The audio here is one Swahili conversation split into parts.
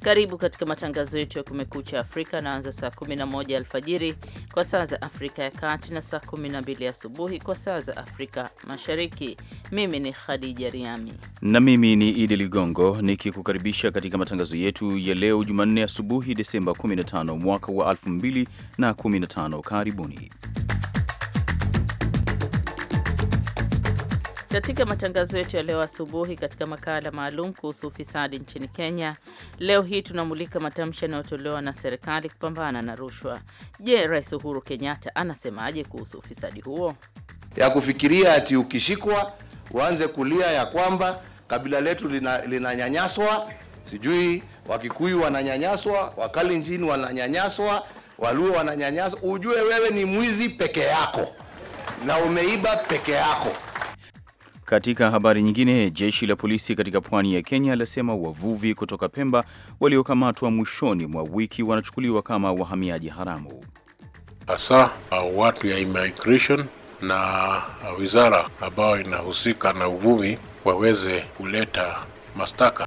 Karibu katika matangazo yetu ya Kumekucha Afrika naanza saa 11 alfajiri kwa saa za Afrika ya Kati na saa 12 asubuhi kwa saa za Afrika Mashariki. Mimi ni Khadija Riami na mimi ni Idi Ligongo nikikukaribisha katika matangazo yetu ya leo Jumanne asubuhi, Desemba 15 mwaka wa 2015. Karibuni. Katika matangazo yetu ya leo asubuhi, katika makala maalum kuhusu ufisadi nchini Kenya, leo hii tunamulika matamshi yanayotolewa na serikali kupambana na rushwa. Je, Rais Uhuru Kenyatta anasemaje kuhusu ufisadi huo? ya kufikiria ati ukishikwa uanze kulia ya kwamba kabila letu linanyanyaswa, lina sijui Wakikuyu wananyanyaswa, Wakalenjin wananyanyaswa, Waluo wananyanyaswa. Ujue wewe ni mwizi peke yako na umeiba peke yako. Katika habari nyingine, jeshi la polisi katika pwani ya Kenya lasema wavuvi kutoka Pemba waliokamatwa mwishoni mwa wiki wanachukuliwa kama wahamiaji haramu, hasa uh, watu ya immigration na uh, wizara ambayo inahusika na uvuvi waweze kuleta mastaka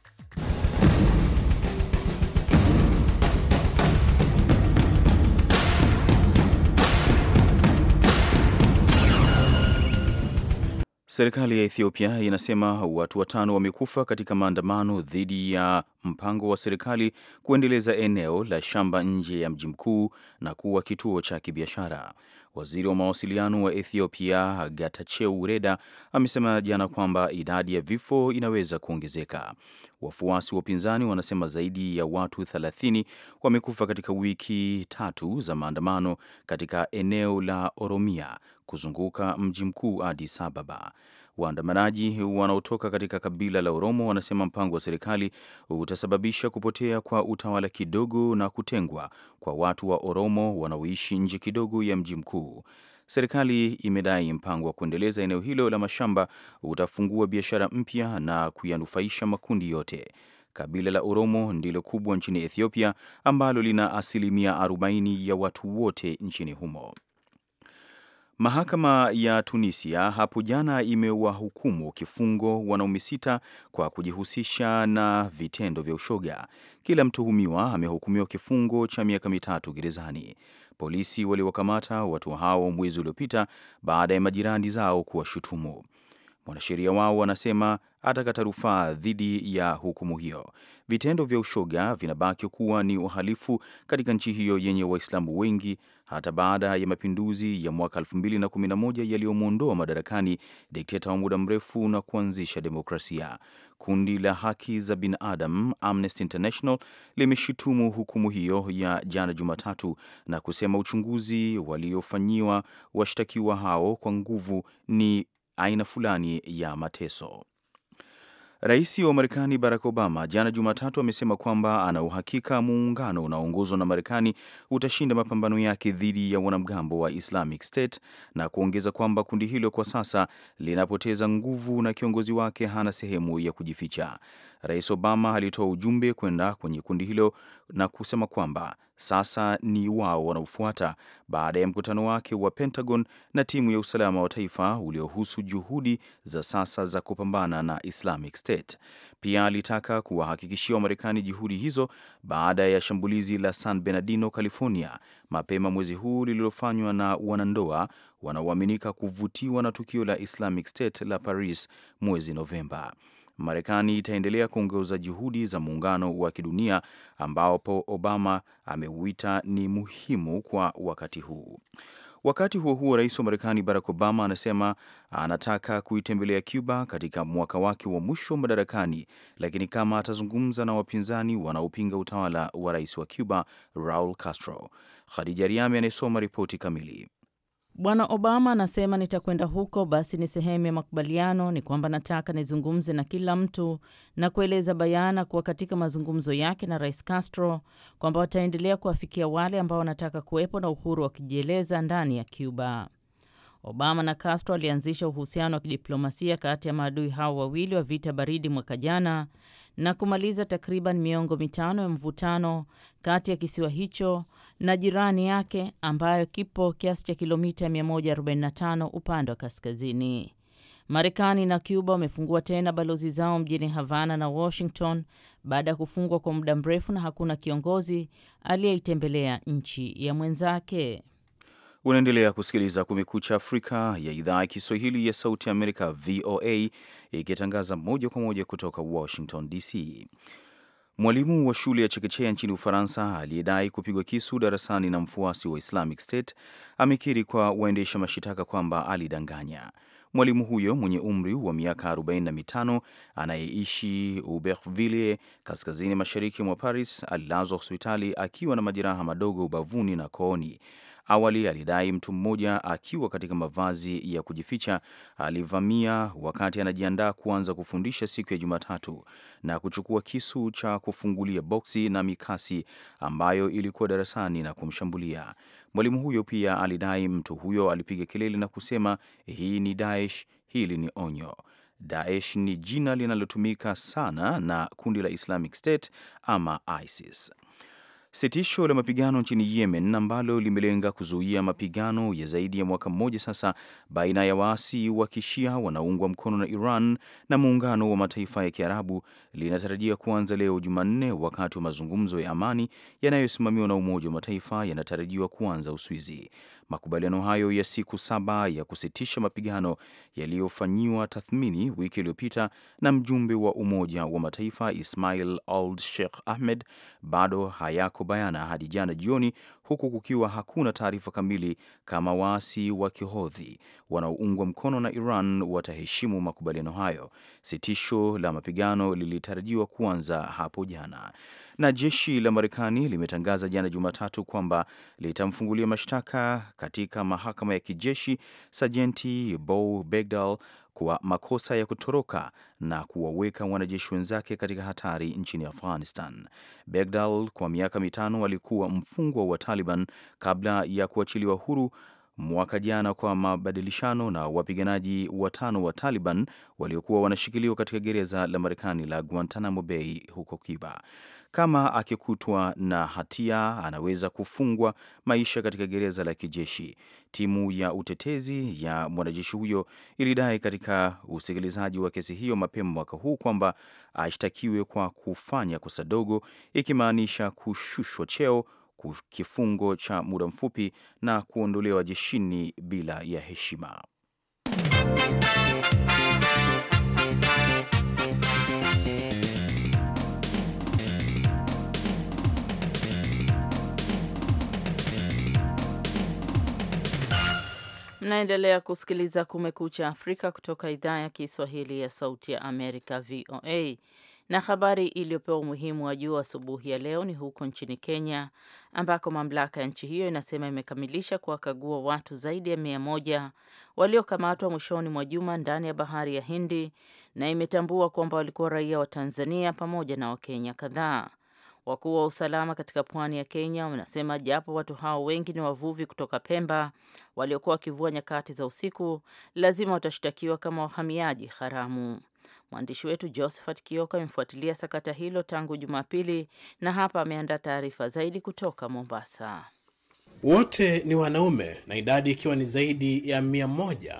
Serikali ya Ethiopia inasema watu watano wamekufa katika maandamano dhidi ya mpango wa serikali kuendeleza eneo la shamba nje ya mji mkuu na kuwa kituo cha kibiashara. Waziri wa mawasiliano wa Ethiopia Getachew Reda amesema jana kwamba idadi ya vifo inaweza kuongezeka. Wafuasi wa upinzani wanasema zaidi ya watu 30 wamekufa katika wiki tatu za maandamano katika eneo la Oromia kuzunguka mji mkuu Addis Ababa. Waandamanaji wanaotoka katika kabila la Oromo wanasema mpango wa serikali utasababisha kupotea kwa utawala kidogo na kutengwa kwa watu wa Oromo wanaoishi nje kidogo ya mji mkuu. Serikali imedai mpango wa kuendeleza eneo hilo la mashamba utafungua biashara mpya na kuyanufaisha makundi yote. Kabila la Oromo ndilo kubwa nchini Ethiopia ambalo lina asilimia 40 ya watu wote nchini humo. Mahakama ya Tunisia hapo jana imewahukumu kifungo wanaume sita kwa kujihusisha na vitendo vya ushoga. Kila mtuhumiwa amehukumiwa kifungo cha miaka mitatu gerezani. Polisi waliwakamata watu hao mwezi uliopita baada ya majirani zao kuwashutumu. Mwanasheria wao anasema atakata rufaa dhidi ya hukumu hiyo. Vitendo vya ushoga vinabaki kuwa ni uhalifu katika nchi hiyo yenye Waislamu wengi hata baada ya mapinduzi ya mwaka 2011 yaliyomwondoa madarakani dikteta wa muda mrefu na kuanzisha demokrasia. Kundi la haki za binadamu Amnesty International limeshutumu hukumu hiyo ya jana Jumatatu na kusema uchunguzi waliofanyiwa washtakiwa hao kwa nguvu ni aina fulani ya mateso. Rais wa Marekani Barack Obama jana Jumatatu amesema kwamba ana uhakika muungano unaoongozwa na Marekani utashinda mapambano yake dhidi ya wanamgambo wa Islamic State na kuongeza kwamba kundi hilo kwa sasa linapoteza nguvu na kiongozi wake hana sehemu ya kujificha. Rais Obama alitoa ujumbe kwenda kwenye kundi hilo na kusema kwamba sasa ni wao wanaofuata baada ya mkutano wake wa Pentagon na timu ya usalama wa taifa uliohusu juhudi za sasa za kupambana na Islamic State. Pia alitaka kuwahakikishia Wamarekani juhudi hizo baada ya shambulizi la San Bernardino, California mapema mwezi huu lililofanywa na wanandoa wanaoaminika kuvutiwa na tukio la Islamic State la Paris mwezi Novemba. Marekani itaendelea kuongeza juhudi za muungano wa kidunia ambapo Obama ameuita ni muhimu kwa wakati huu. Wakati huo huo, rais wa Marekani Barack Obama anasema anataka kuitembelea Cuba katika mwaka wake wa mwisho madarakani, lakini kama atazungumza na wapinzani wanaopinga utawala wa rais wa Cuba Raul Castro. Khadija Riami anayesoma ripoti kamili. Bwana Obama anasema nitakwenda huko, basi ni sehemu ya makubaliano, ni kwamba nataka nizungumze na kila mtu na kueleza bayana kuwa katika mazungumzo yake na Rais Castro kwamba wataendelea kuwafikia wale ambao wanataka kuwepo na uhuru wa kujieleza ndani ya Cuba. Obama na Castro alianzisha uhusiano wa kidiplomasia kati ya maadui hao wawili wa vita baridi mwaka jana na kumaliza takriban miongo mitano ya mvutano kati ya kisiwa hicho na jirani yake ambayo kipo kiasi cha kilomita 145 upande wa kaskazini. Marekani na Cuba wamefungua tena balozi zao mjini Havana na Washington baada ya kufungwa kwa muda mrefu na hakuna kiongozi aliyeitembelea nchi ya mwenzake. Unaendelea kusikiliza Kumekucha Afrika ya idhaa ya Kiswahili ya Sauti ya Amerika, VOA, ikitangaza moja kwa moja kutoka Washington DC. Mwalimu wa shule ya chekechea nchini Ufaransa aliyedai kupigwa kisu darasani na mfuasi wa Islamic State amekiri kwa waendesha mashitaka kwamba alidanganya. Mwalimu huyo mwenye umri wa miaka 45 anayeishi Uberville, kaskazini mashariki mwa Paris, alilazwa hospitali akiwa na majeraha madogo ubavuni na kooni Awali alidai mtu mmoja akiwa katika mavazi ya kujificha alivamia wakati anajiandaa kuanza kufundisha siku ya Jumatatu na kuchukua kisu cha kufungulia boksi na mikasi ambayo ilikuwa darasani na kumshambulia. Mwalimu huyo pia alidai mtu huyo alipiga kelele na kusema, hii ni Daesh, hili ni onyo. Daesh ni jina linalotumika sana na kundi la Islamic State ama ISIS. Sitisho la mapigano nchini Yemen ambalo limelenga kuzuia mapigano ya zaidi ya mwaka mmoja sasa baina ya waasi wa Kishia wanaoungwa mkono na Iran na muungano wa mataifa ya Kiarabu linatarajia kuanza leo Jumanne, wakati wa mazungumzo ya amani yanayosimamiwa na Umoja wa Mataifa yanatarajiwa kuanza Uswizi. Makubaliano hayo ya siku saba ya kusitisha mapigano yaliyofanyiwa tathmini wiki iliyopita na mjumbe wa Umoja wa Mataifa Ismail Old Sheikh Ahmed bado hayako bayana hadi jana jioni, huku kukiwa hakuna taarifa kamili kama waasi wa Kihodhi wanaoungwa mkono na Iran wataheshimu makubaliano hayo. Sitisho la mapigano lilitarajiwa kuanza hapo jana, na jeshi la Marekani limetangaza jana Jumatatu kwamba litamfungulia mashtaka katika mahakama ya kijeshi Sajenti Bo Begdal kwa makosa ya kutoroka na kuwaweka wanajeshi wenzake katika hatari nchini Afghanistan. Begdal kwa miaka mitano alikuwa mfungwa wa Taliban kabla ya kuachiliwa huru mwaka jana kwa mabadilishano na wapiganaji watano wa Taliban waliokuwa wanashikiliwa katika gereza la Marekani la Guantanamo Bay huko Cuba. Kama akikutwa na hatia, anaweza kufungwa maisha katika gereza la kijeshi. Timu ya utetezi ya mwanajeshi huyo ilidai katika usikilizaji wa kesi hiyo mapema mwaka huu kwamba ashtakiwe kwa kufanya kosa dogo, ikimaanisha kushushwa cheo kifungo cha muda mfupi na kuondolewa jeshini bila ya heshima. Mnaendelea kusikiliza Kumekucha Afrika kutoka idhaa ya Kiswahili ya Sauti ya Amerika, VOA. Na habari iliyopewa umuhimu wa juu asubuhi ya leo ni huko nchini Kenya ambako mamlaka ya nchi hiyo inasema imekamilisha kuwakagua watu zaidi ya mia moja waliokamatwa mwishoni mwa juma ndani ya bahari ya Hindi na imetambua kwamba walikuwa raia wa Tanzania pamoja na Wakenya kadhaa. Wakuu wa usalama katika pwani ya Kenya wanasema japo watu hao wengi ni wavuvi kutoka Pemba waliokuwa wakivua nyakati za usiku, lazima watashtakiwa kama wahamiaji haramu. Mwandishi wetu Josephat Kioko amefuatilia sakata hilo tangu Jumapili na hapa ameandaa taarifa zaidi kutoka Mombasa. Wote ni wanaume na idadi ikiwa ni zaidi ya mia moja,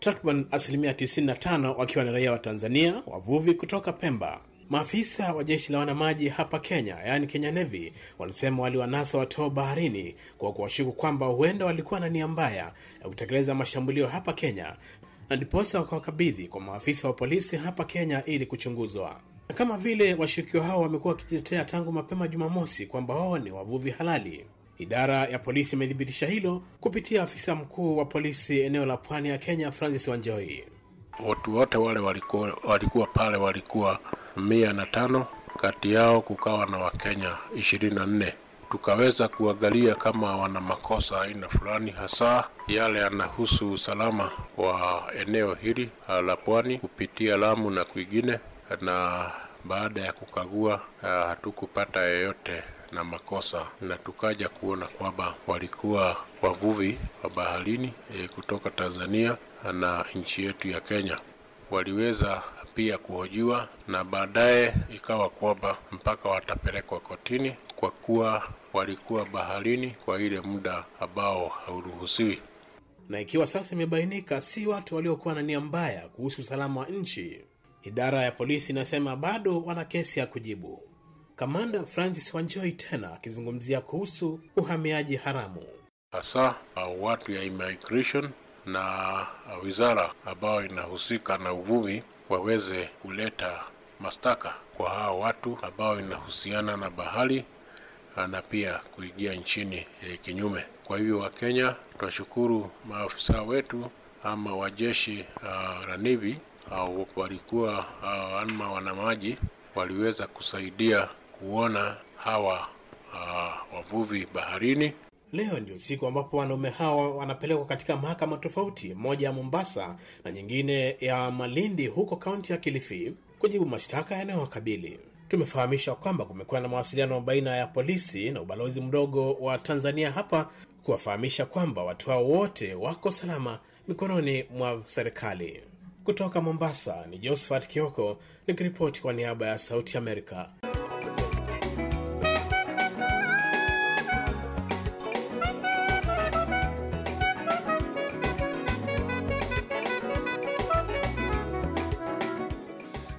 takriban asilimia 95 wakiwa ni raia wa Tanzania, wavuvi kutoka Pemba. Maafisa wa jeshi la wanamaji hapa Kenya, yaani Kenya Navy, walisema waliwanasa watoo baharini kwa kuwashuku kwamba huenda walikuwa na nia mbaya ya kutekeleza mashambulio hapa Kenya na ndiposa wakawakabidhi kwa maafisa wa polisi hapa Kenya ili kuchunguzwa. Na kama vile washukio hao wamekuwa wakitetea tangu mapema Jumamosi kwamba wao ni wavuvi halali, idara ya polisi imethibitisha hilo kupitia afisa mkuu wa polisi eneo la pwani ya Kenya, Francis Wanjoi. Watu wote wale walikuwa, walikuwa pale walikuwa mia na tano, kati yao kukawa na Wakenya ishirini na nne tukaweza kuangalia kama wana makosa aina fulani, hasa yale yanahusu usalama wa eneo hili la pwani kupitia Lamu na kwingine, na baada ya kukagua ah, hatukupata yeyote na makosa, na tukaja kuona kwamba walikuwa wavuvi wa baharini e, kutoka Tanzania na nchi yetu ya Kenya. Waliweza pia kuhojiwa na baadaye ikawa kwamba mpaka watapelekwa kotini kwa kuwa walikuwa baharini kwa ile muda ambao hauruhusiwi. Na ikiwa sasa imebainika si watu waliokuwa na nia mbaya kuhusu usalama wa nchi, idara ya polisi inasema bado wana kesi ya kujibu. Kamanda Francis Wanjoi tena akizungumzia kuhusu uhamiaji haramu, hasa uh, watu ya immigration na uh, wizara ambayo inahusika na uvuvi waweze kuleta mashtaka kwa hawa watu ambao inahusiana na bahari Ah, na pia kuingia nchini e, kinyume. Kwa hivyo Wakenya, tunashukuru maafisa wetu ama wajeshi ah, la ranivi ah, walikuwa ama wanamaji waliweza kusaidia kuona hawa a, wavuvi baharini. Leo ndio siku ambapo wanaume hawa wanapelekwa katika mahakama tofauti, moja ya Mombasa na nyingine ya Malindi huko kaunti ya Kilifi, kujibu mashtaka yanayowakabili tumefahamisha kwamba kumekuwa na mawasiliano baina ya polisi na ubalozi mdogo wa Tanzania hapa kuwafahamisha kwamba watu hao wote wako salama mikononi mwa serikali. Kutoka Mombasa ni Josephat Kioko nikiripoti kwa niaba ya Sauti Amerika.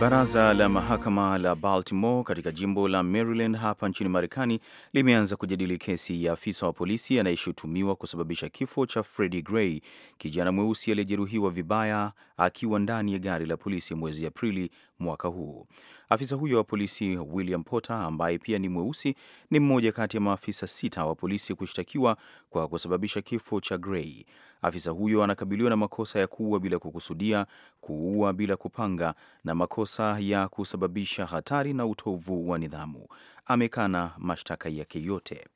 Baraza la mahakama la Baltimore katika jimbo la Maryland hapa nchini Marekani limeanza kujadili kesi ya afisa wa polisi anayeshutumiwa kusababisha kifo cha Freddie Gray, kijana mweusi aliyejeruhiwa vibaya akiwa ndani ya gari la polisi mwezi Aprili mwaka huu. Afisa huyo wa polisi William Potter, ambaye pia ni mweusi, ni mmoja kati ya maafisa sita wa polisi kushtakiwa kwa kusababisha kifo cha Gray. Afisa huyo anakabiliwa na makosa ya kuua bila kukusudia, kuua bila kupanga na makosa makosa ya kusababisha hatari na utovu wa nidhamu. Amekana mashtaka yake yote.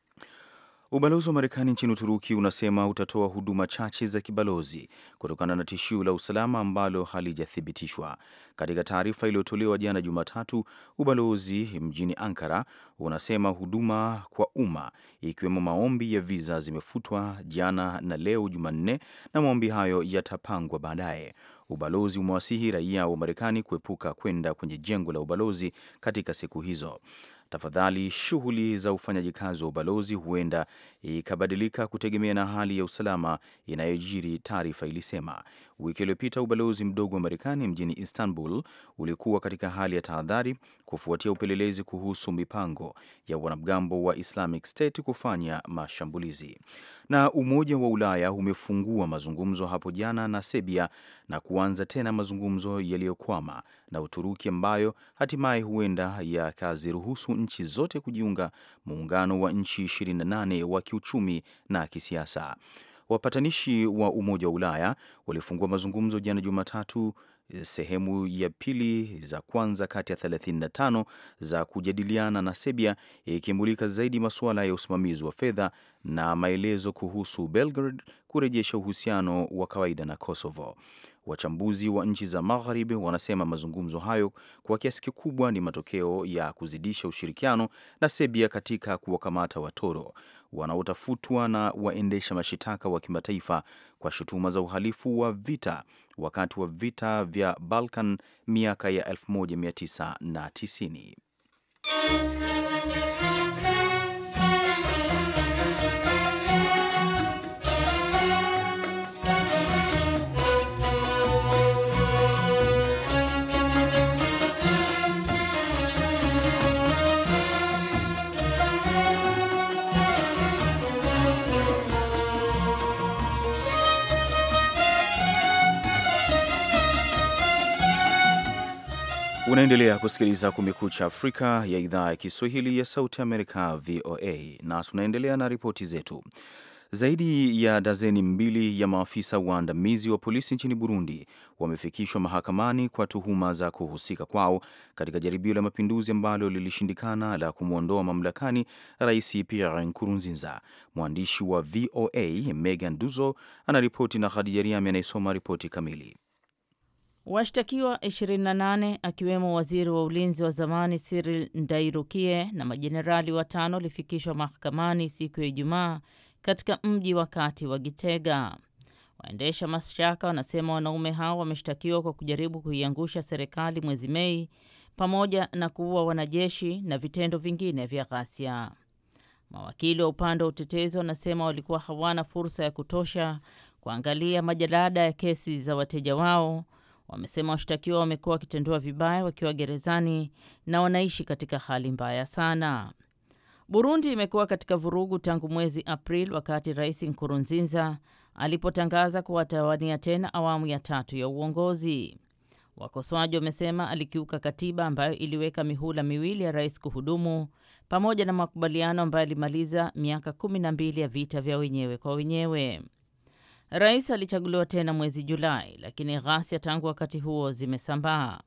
Ubalozi wa Marekani nchini Uturuki unasema utatoa huduma chache za kibalozi kutokana na tishio la usalama ambalo halijathibitishwa. Katika taarifa iliyotolewa jana Jumatatu, ubalozi mjini Ankara unasema huduma kwa umma ikiwemo maombi ya viza zimefutwa jana na leo Jumanne, na maombi hayo yatapangwa baadaye ubalozi umewasihi raia wa Marekani kuepuka kwenda kwenye jengo la ubalozi katika siku hizo. Tafadhali, shughuli za ufanyaji kazi wa ubalozi huenda ikabadilika kutegemea na hali ya usalama inayojiri, taarifa ilisema. Wiki iliyopita ubalozi mdogo wa Marekani mjini Istanbul ulikuwa katika hali ya tahadhari kufuatia upelelezi kuhusu mipango ya wanamgambo wa Islamic State kufanya mashambulizi. Na Umoja wa Ulaya umefungua mazungumzo hapo jana na Serbia na kuanza tena mazungumzo yaliyokwama na Uturuki ambayo hatimaye huenda yakaziruhusu nchi zote kujiunga muungano wa nchi 28 wa kiuchumi na kisiasa. Wapatanishi wa Umoja wa Ulaya walifungua mazungumzo jana Jumatatu eh, sehemu ya pili za kwanza kati ya 35 za kujadiliana na Serbia ikimulika zaidi masuala ya usimamizi wa fedha na maelezo kuhusu Belgrade kurejesha uhusiano wa kawaida na Kosovo. Wachambuzi wa nchi za Magharibi wanasema mazungumzo hayo kwa kiasi kikubwa ni matokeo ya kuzidisha ushirikiano na Serbia katika kuwakamata watoro wanaotafutwa na waendesha mashitaka wa kimataifa kwa shutuma za uhalifu wa vita wakati wa vita vya Balkan miaka ya 1990. Unaendelea kusikiliza Kumekucha Afrika ya idhaa ya Kiswahili ya Sauti Amerika, VOA, na tunaendelea na ripoti zetu. Zaidi ya dazeni mbili ya maafisa waandamizi wa polisi nchini Burundi wamefikishwa mahakamani kwa tuhuma za kuhusika kwao katika jaribio la mapinduzi ambalo lilishindikana la kumwondoa mamlakani Rais Pierre Nkurunziza. Mwandishi wa VOA Megan Duzo anaripoti na Khadija Riami anayesoma ripoti kamili. Washtakiwa 28 akiwemo waziri wa ulinzi wa zamani Cyril Ndairukie na majenerali watano walifikishwa mahakamani siku ya Ijumaa katika mji wa kati wa Gitega. Waendesha mashtaka wanasema wanaume hao wameshtakiwa kwa kujaribu kuiangusha serikali mwezi Mei pamoja na kuua wanajeshi na vitendo vingine vya ghasia. Mawakili wa upande wa utetezi wanasema walikuwa hawana fursa ya kutosha kuangalia majalada ya kesi za wateja wao Wamesema washtakiwa wamekuwa wakitendewa vibaya wakiwa gerezani na wanaishi katika hali mbaya sana. Burundi imekuwa katika vurugu tangu mwezi Aprili wakati Rais Nkurunziza alipotangaza kuwatawania tena awamu ya tatu ya uongozi. Wakosoaji wamesema alikiuka katiba ambayo iliweka mihula miwili ya rais kuhudumu pamoja na makubaliano ambayo alimaliza miaka kumi na mbili ya vita vya wenyewe kwa wenyewe. Rais alichaguliwa tena mwezi Julai, lakini ghasia tangu wakati huo zimesambaa.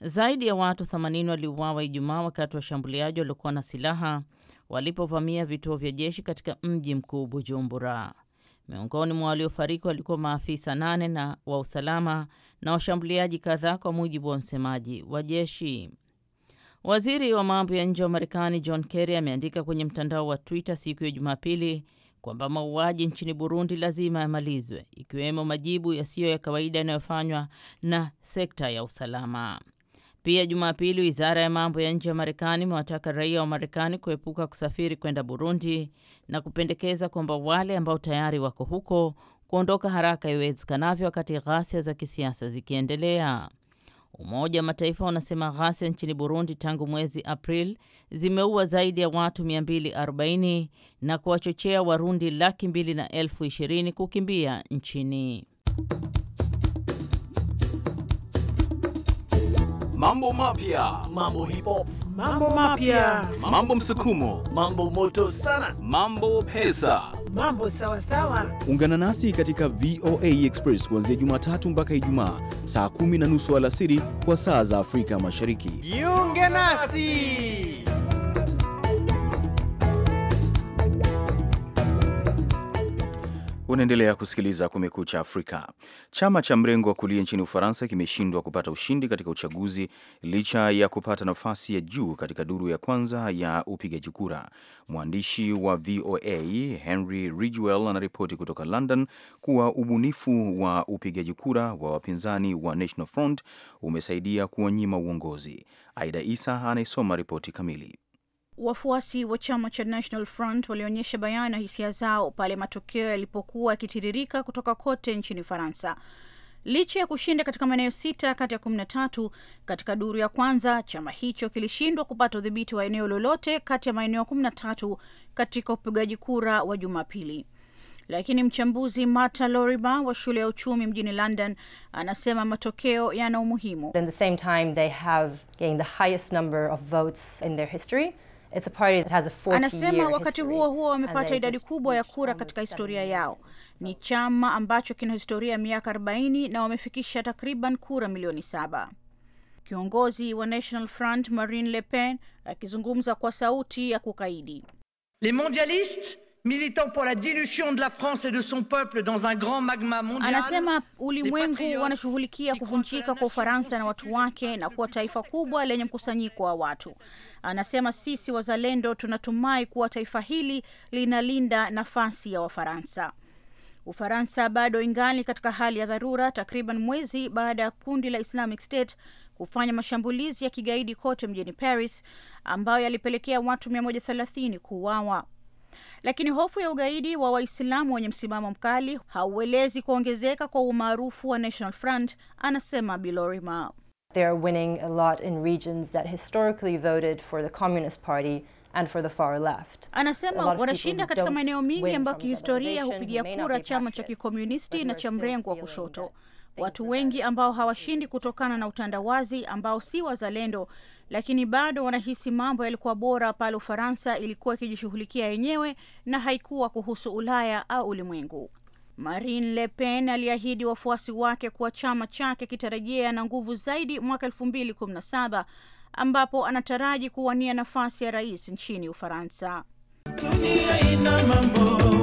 Zaidi ya watu 80 waliuawa Ijumaa wakati washambuliaji waliokuwa na silaha walipovamia vituo vya jeshi katika mji mkuu Bujumbura. Miongoni mwa waliofariki walikuwa maafisa nane na wa usalama na washambuliaji kadhaa, kwa mujibu wa msemaji wa jeshi. Waziri wa mambo ya nje wa Marekani John Kerry ameandika kwenye mtandao wa Twitter siku ya Jumapili kwamba mauaji nchini Burundi lazima yamalizwe, ikiwemo majibu yasiyo ya kawaida yanayofanywa na sekta ya usalama. Pia Jumapili, wizara ya mambo ya nje ya Marekani imewataka raia wa Marekani kuepuka kusafiri kwenda Burundi na kupendekeza kwamba wale ambao tayari wako huko kuondoka haraka iwezekanavyo wakati ghasia za kisiasa zikiendelea. Umoja wa Mataifa unasema ghasia nchini Burundi tangu mwezi april zimeua zaidi ya watu 240 na kuwachochea Warundi laki mbili na elfu ishirini kukimbia nchini. Mambo mapya, mambo hipo, mambo mapya, mambo msukumo, mambo moto sana, mambo pesa Mambo sawa sawa. Ungana nasi katika VOA Express kuanzia Jumatatu mpaka Ijumaa saa kumi na nusu alasiri kwa saa za Afrika Mashariki. Jiunge nasi. Unaendelea kusikiliza Kumekucha Afrika. Chama cha mrengo wa kulia nchini Ufaransa kimeshindwa kupata ushindi katika uchaguzi licha ya kupata nafasi ya juu katika duru ya kwanza ya upigaji kura. Mwandishi wa VOA Henry Ridgwell anaripoti kutoka London kuwa ubunifu wa upigaji kura wa wapinzani wa National Front umesaidia kuwanyima uongozi. Aida Isa anayesoma ripoti kamili. Wafuasi wa chama cha National Front walionyesha bayana hisia zao pale matokeo yalipokuwa yakitiririka kutoka kote nchini Faransa. Licha ya kushinda katika maeneo sita kati ya kumi na tatu katika duru ya kwanza, chama hicho kilishindwa kupata udhibiti wa eneo lolote kati ya maeneo kumi na tatu katika upigaji kura wa Jumapili. Lakini mchambuzi Marta Loriba wa shule ya uchumi mjini London anasema matokeo yana umuhimu. It's a party that has a 40 anasema wakati huo huo wamepata idadi kubwa ya kura katika historia yao. Ni chama ambacho kina historia ya miaka 40 na wamefikisha takriban kura milioni saba. Kiongozi wa National Front Marine Le Pen akizungumza kwa sauti ya kukaidi. Les mondialistes militant pour la dilution de la France et de son peuple dans un grand magma mondial. Anasema ulimwengu wanashughulikia kuvunjika kwa Ufaransa na watu wake na kuwa taifa kubwa lenye mkusanyiko wa watu. Anasema sisi wazalendo tunatumai kuwa taifa hili linalinda nafasi ya Wafaransa. Ufaransa bado ingali katika hali ya dharura takriban mwezi baada ya kundi la Islamic State kufanya mashambulizi ya kigaidi kote mjini Paris ambayo yalipelekea watu 130 kuuawa. Lakini hofu ya ugaidi wa Waislamu wenye msimamo mkali hauelezi kuongezeka kwa umaarufu wa National Front, anasema Bilorima. They are winning a lot in regions that historically voted for the Communist Party. And for the far left. Anasema wanashinda katika maeneo mingi ambayo kihistoria hupigia kura chama cha kikomunisti na cha mrengo wa kushoto watu wengi ambao hawashindi kutokana na utandawazi, ambao si wazalendo, lakini bado wanahisi mambo yalikuwa bora pale Ufaransa ilikuwa ikijishughulikia yenyewe na haikuwa kuhusu Ulaya au ulimwengu. marin Le Pen aliahidi wafuasi wake kuwa chama chake kitarajia na nguvu zaidi mwaka elfu mbili kumi na saba ambapo anataraji kuwania nafasi ya rais nchini Ufaransa. Dunia ina mambo.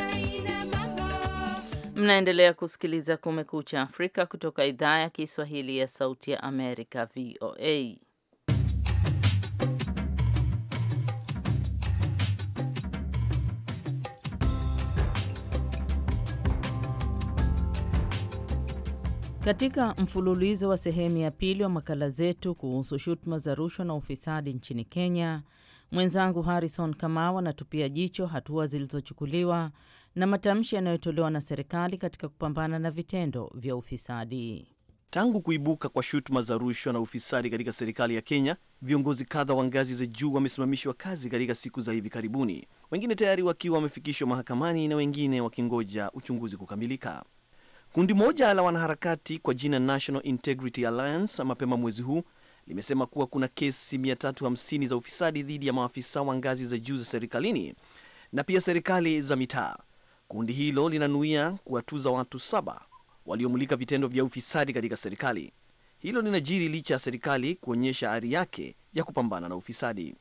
Mnaendelea kusikiliza Kumekucha Afrika kutoka idhaa ya Kiswahili ya Sauti ya Amerika, VOA. Katika mfululizo wa sehemu ya pili wa makala zetu kuhusu shutuma za rushwa na ufisadi nchini Kenya, mwenzangu Harrison Kamau anatupia jicho hatua zilizochukuliwa na matamshi yanayotolewa na serikali katika kupambana na vitendo vya ufisadi. Tangu kuibuka kwa shutuma za rushwa na ufisadi katika serikali ya Kenya, viongozi kadha wa ngazi za juu wamesimamishwa kazi katika siku za hivi karibuni, wengine tayari wakiwa wamefikishwa mahakamani na wengine wakingoja uchunguzi kukamilika. Kundi moja la wanaharakati kwa jina National Integrity Alliance mapema mwezi huu limesema kuwa kuna kesi 350 za ufisadi dhidi ya maafisa wa ngazi za juu za serikalini na pia serikali za mitaa. Kundi hilo linanuia kuwatuza watu saba waliomulika vitendo vya ufisadi katika serikali. Hilo linajiri licha ya serikali kuonyesha ari yake ya kupambana na ufisadi.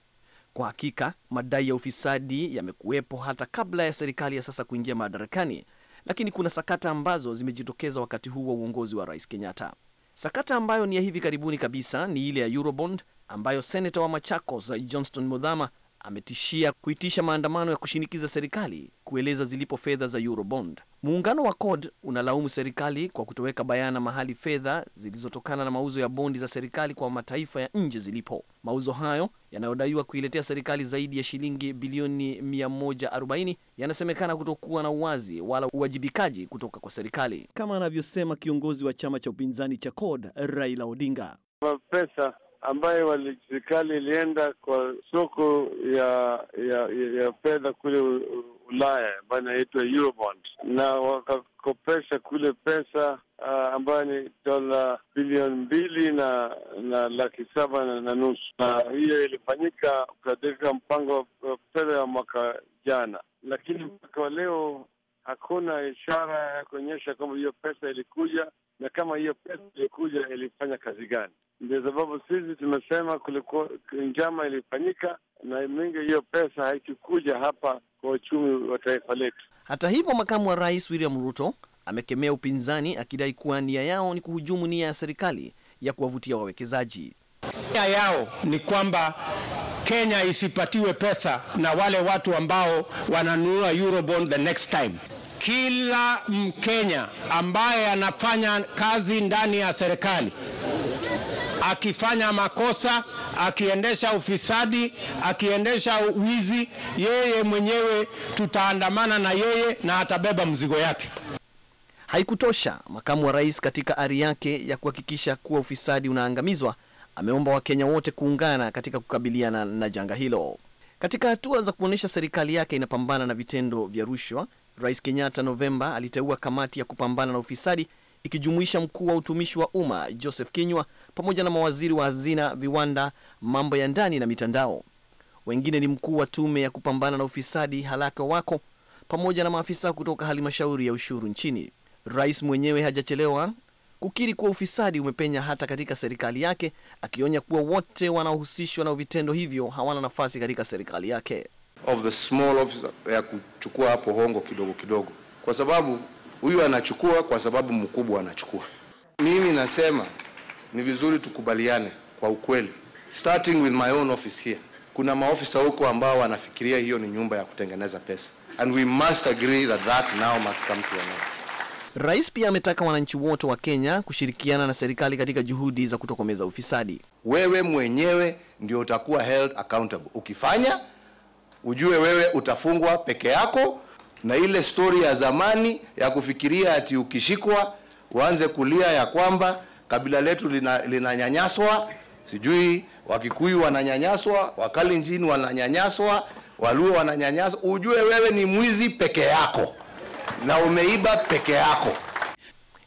Kwa hakika madai ya ufisadi yamekuwepo hata kabla ya serikali ya sasa kuingia madarakani, lakini kuna sakata ambazo zimejitokeza wakati huu wa uongozi wa Rais Kenyatta. Sakata ambayo ni ya hivi karibuni kabisa ni ile ya Eurobond ambayo seneta wa Machakos Johnston Mudhama ametishia kuitisha maandamano ya kushinikiza serikali kueleza zilipo fedha za Eurobond. Muungano wa cod unalaumu serikali kwa kutoweka bayana mahali fedha zilizotokana na mauzo ya bondi za serikali kwa mataifa ya nje zilipo. Mauzo hayo yanayodaiwa kuiletea serikali zaidi ya shilingi bilioni 140 yanasemekana kutokuwa na uwazi wala uwajibikaji kutoka kwa serikali, kama anavyosema kiongozi wa chama cha upinzani cha cod Raila Odinga. Pesa ambayo serikali ilienda kwa soko ya ya ya fedha kule Ulaya ambayo inaitwa Eurobond na wakakopesha kule pesa uh, ambayo ni dola bilioni mbili na na laki saba na, na nusu, na hiyo ilifanyika katika mpango wa fedha ya mwaka jana, lakini mpaka wa leo hakuna ishara ya kuonyesha kwamba hiyo pesa ilikuja na kama hiyo pesa ilikuja ilifanya kazi gani. Ndio sababu sisi tumesema kulikuwa njama ilifanyika na mingi, hiyo pesa haikikuja hapa kwa uchumi wa taifa letu. Hata hivyo, makamu wa rais William Ruto amekemea upinzani akidai kuwa nia yao ni kuhujumu nia ya serikali ya kuwavutia wawekezaji. Nia yao ni kwamba Kenya isipatiwe pesa na wale watu ambao wananunua eurobond the next time kila Mkenya ambaye anafanya kazi ndani ya serikali akifanya makosa, akiendesha ufisadi, akiendesha wizi, yeye mwenyewe tutaandamana na yeye na atabeba mzigo yake. Haikutosha, makamu wa rais katika ari yake ya kuhakikisha kuwa ufisadi unaangamizwa ameomba Wakenya wote kuungana katika kukabiliana na janga hilo. Katika hatua za kuonyesha serikali yake inapambana na vitendo vya rushwa, Rais Kenyatta Novemba aliteua kamati ya kupambana na ufisadi ikijumuisha mkuu wa utumishi wa umma Joseph kinywa pamoja na mawaziri wa hazina, viwanda, mambo ya ndani na mitandao. Wengine ni mkuu wa tume ya kupambana na ufisadi Halaka Wako pamoja na maafisa kutoka halmashauri ya ushuru nchini. Rais mwenyewe hajachelewa kukiri kuwa ufisadi umepenya hata katika serikali yake, akionya kuwa wote wanaohusishwa na vitendo hivyo hawana nafasi katika serikali yake of the small officer ya kuchukua hapo hongo kidogo kidogo, kwa sababu huyu anachukua kwa sababu mkubwa anachukua. Mimi nasema ni vizuri tukubaliane kwa ukweli, starting with my own office here. Kuna maofisa huko ambao wanafikiria hiyo ni nyumba ya kutengeneza pesa, and we must agree that that now must come to an end. Rais pia ametaka wananchi wote wa Kenya kushirikiana na serikali katika juhudi za kutokomeza ufisadi. Wewe mwenyewe ndio utakuwa held accountable ukifanya ujue wewe utafungwa peke yako, na ile stori ya zamani ya kufikiria ati ukishikwa uanze kulia ya kwamba kabila letu linanyanyaswa, lina sijui Wakikuyu wananyanyaswa, Wakalenjin wananyanyaswa, Waluo wananyanyaswa, ujue wewe ni mwizi peke yako na umeiba peke yako.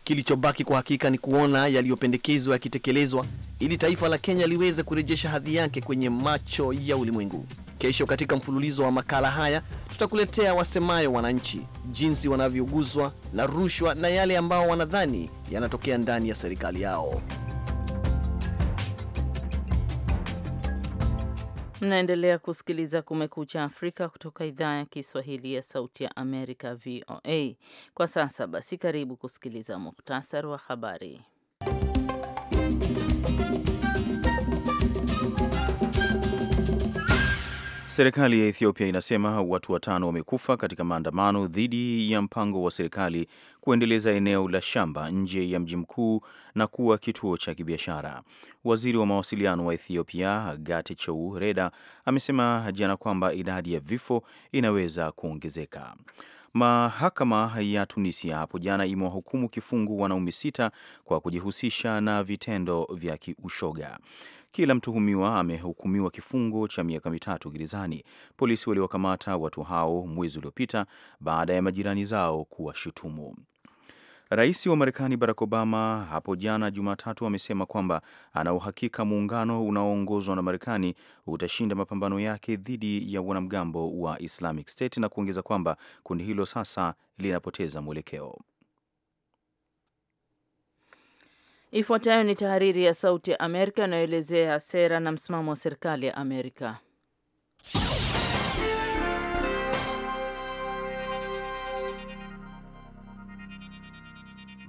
Kilichobaki kwa hakika ni kuona yaliyopendekezwa yakitekelezwa ili taifa la Kenya liweze kurejesha hadhi yake kwenye macho ya ulimwengu. Kesho katika mfululizo wa makala haya tutakuletea wasemayo wananchi, jinsi wanavyoguzwa na rushwa na yale ambao wanadhani yanatokea ndani ya serikali yao. Mnaendelea kusikiliza Kumekucha Afrika kutoka idhaa ya Kiswahili ya Sauti ya Amerika, VOA. Kwa sasa basi, karibu kusikiliza muhtasari wa habari. Serikali ya Ethiopia inasema watu watano wamekufa katika maandamano dhidi ya mpango wa serikali kuendeleza eneo la shamba nje ya mji mkuu na kuwa kituo cha kibiashara. Waziri wa mawasiliano wa Ethiopia Getachew Reda amesema jana kwamba idadi ya vifo inaweza kuongezeka. Mahakama ya Tunisia hapo jana imewahukumu kifungu wanaume sita kwa kujihusisha na vitendo vya kiushoga. Kila mtuhumiwa amehukumiwa kifungo cha miaka mitatu gerezani. Polisi waliwakamata watu hao mwezi uliopita baada ya majirani zao kuwashutumu. Rais wa Marekani Barack Obama hapo jana Jumatatu amesema kwamba ana uhakika muungano unaoongozwa na Marekani utashinda mapambano yake dhidi ya wanamgambo wa Islamic State na kuongeza kwamba kundi hilo sasa linapoteza mwelekeo. Ifuatayo ni tahariri ya Sauti ya Amerika inayoelezea sera na msimamo wa serikali ya Amerika.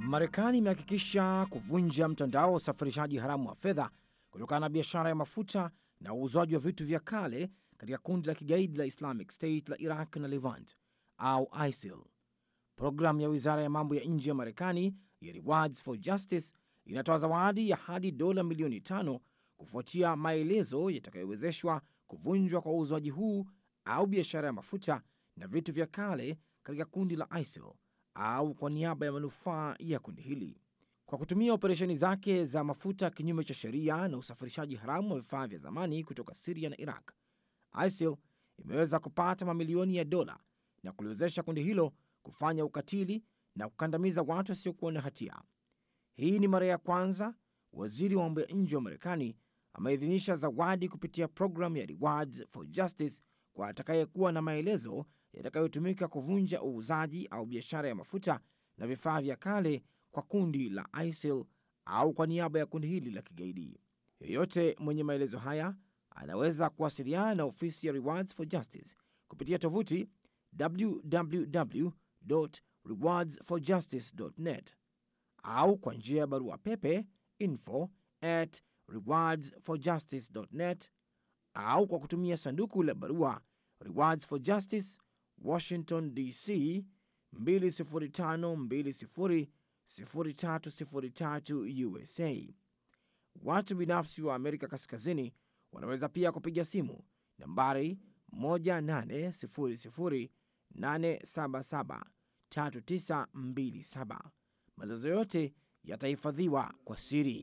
Marekani imehakikisha kuvunja mtandao wa usafirishaji haramu wa fedha kutokana na biashara ya mafuta na uuzwaji wa vitu vya kale katika kundi la kigaidi la Islamic State la Iraq na Levant au ISIL. Programu ya wizara ya mambo ya nje ya Marekani ya Rewards for Justice inatoa zawadi ya hadi dola milioni tano kufuatia maelezo yatakayowezeshwa kuvunjwa kwa uuzwaji huu au biashara ya mafuta na vitu vya kale katika kundi la ISIL au kwa niaba ya manufaa ya kundi hili kwa kutumia operesheni zake za mafuta kinyume cha sheria na usafirishaji haramu wa vifaa vya zamani kutoka Siria na Iraq. ISIL imeweza kupata mamilioni ya dola na kuliwezesha kundi hilo kufanya ukatili na kukandamiza watu wasiokuwa na hatia. Hii ni mara ya kwanza waziri wa mambo ya nje wa Marekani ameidhinisha zawadi kupitia programu ya Rewards for Justice kwa atakayekuwa na maelezo yatakayotumika kuvunja uuzaji au biashara ya mafuta na vifaa vya kale kwa kundi la ISIL au kwa niaba ya kundi hili la kigaidi. Yoyote mwenye maelezo haya anaweza kuwasiliana na ofisi ya Rewards for Justice kupitia tovuti www au kwa njia ya barua pepe info at au kwa kutumia sanduku la barua Rewards for Justice Washington DC 20520 0303 USA. Watu binafsi wa Amerika Kaskazini wanaweza pia kupiga simu nambari 3927 Maelezo yote yatahifadhiwa kwa siri.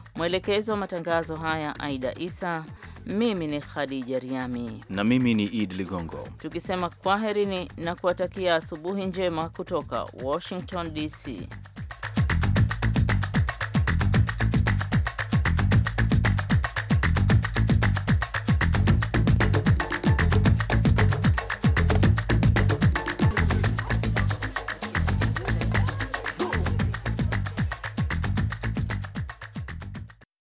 Mwelekezi wa matangazo haya Aida Isa, mimi ni Khadija Riami na mimi ni Idi Ligongo, tukisema kwaherini na kuwatakia asubuhi njema kutoka Washington DC.